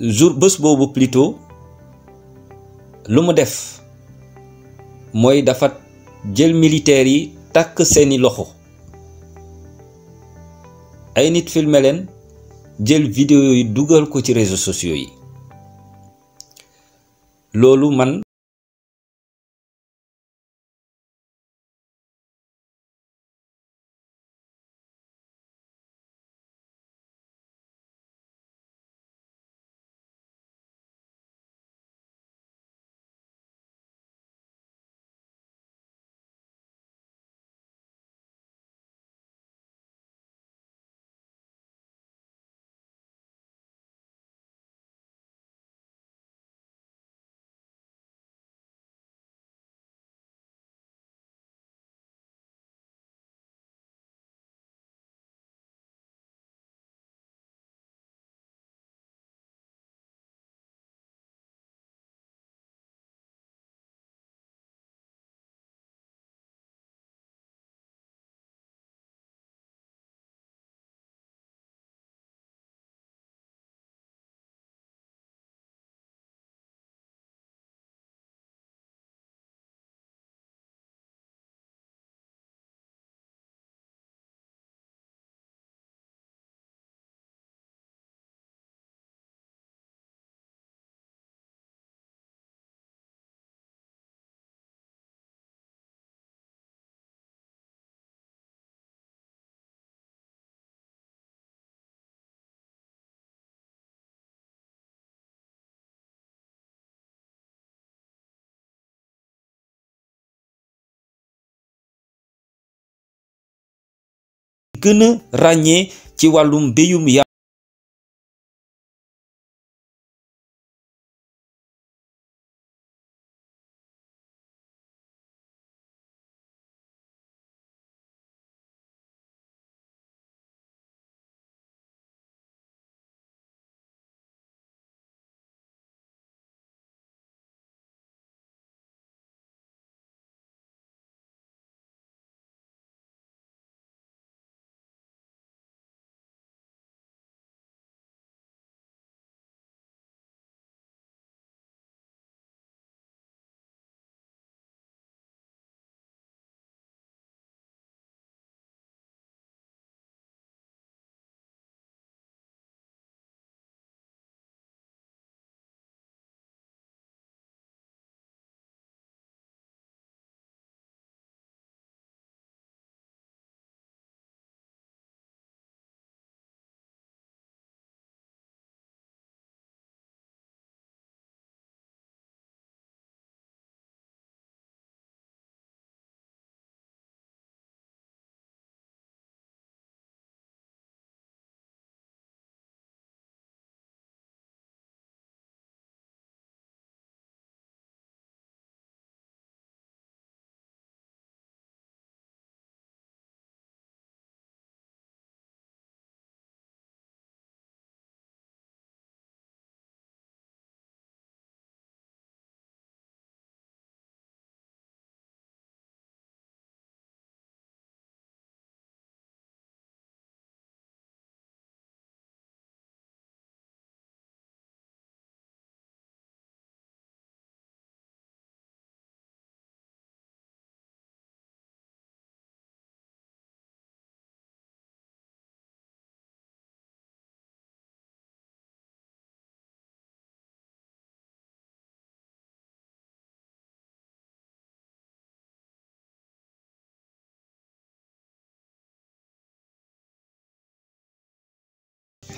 jour bés boobu plutôt lu mu def mooy dafa jël militaires yi takk seeni loxo ay nit filme leen jël vidéo yi dugal ko ci réseau sociaux yi loolu man gën a ràññee ci wàllum béyum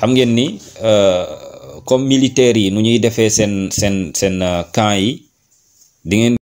xam ngeen ni euh, comme militaires yi nu ñuy defee seen seen seen euh, camp yi di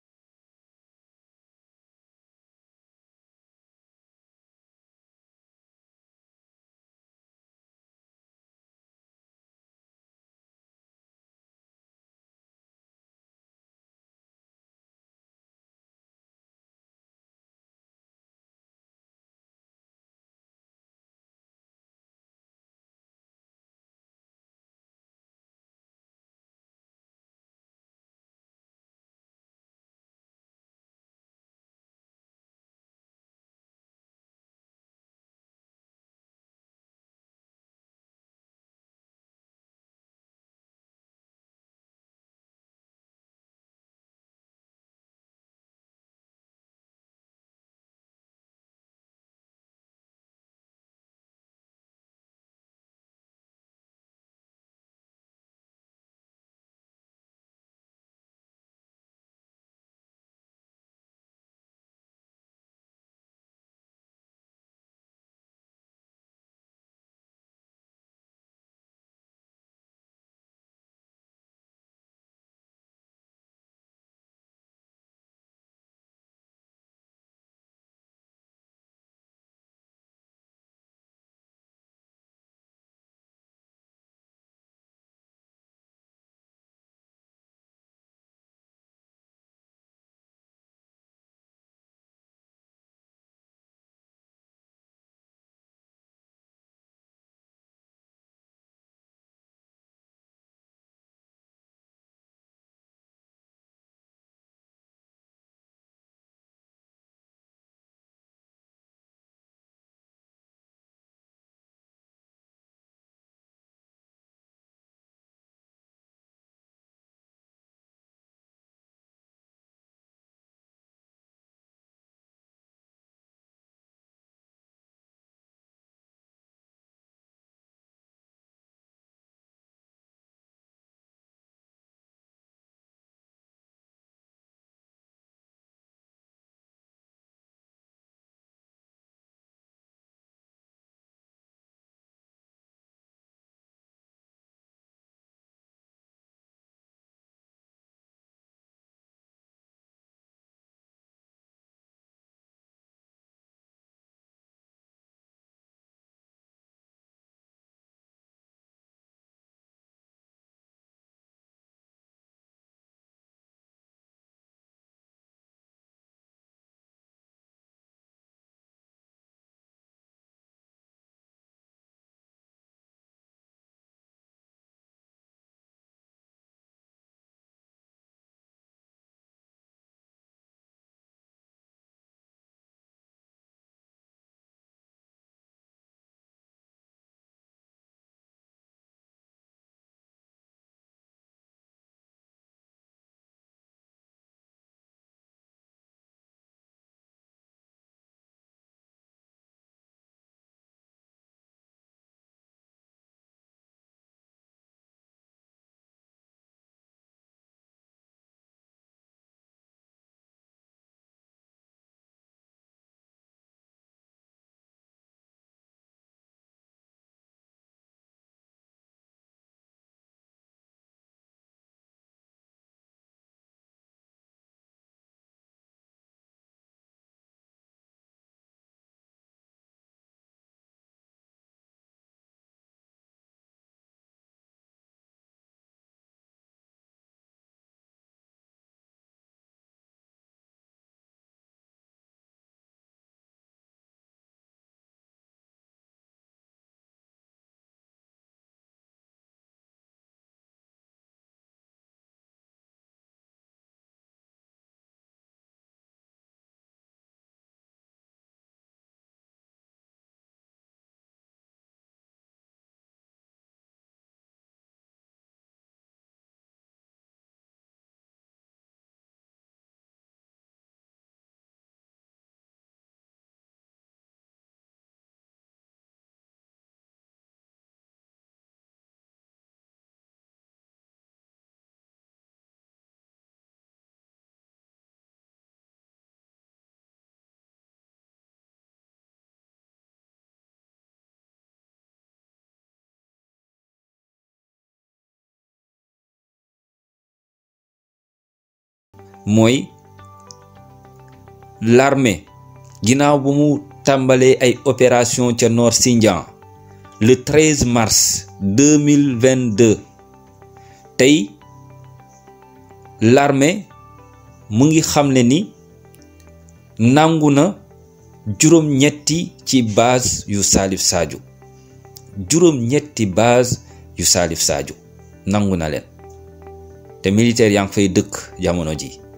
mooy larme ginnaaw bu mu tàmbalee ay opération ca Nord Sindian le 13 mars 2022 tey larme mu ngi xam xamle ni nangu na juróom-ñetti ci base yu Salif Sadio juróom-ñetti base yu Salif Sadio nangu na leen te militaire yaa ngi fay dëkk jamono ji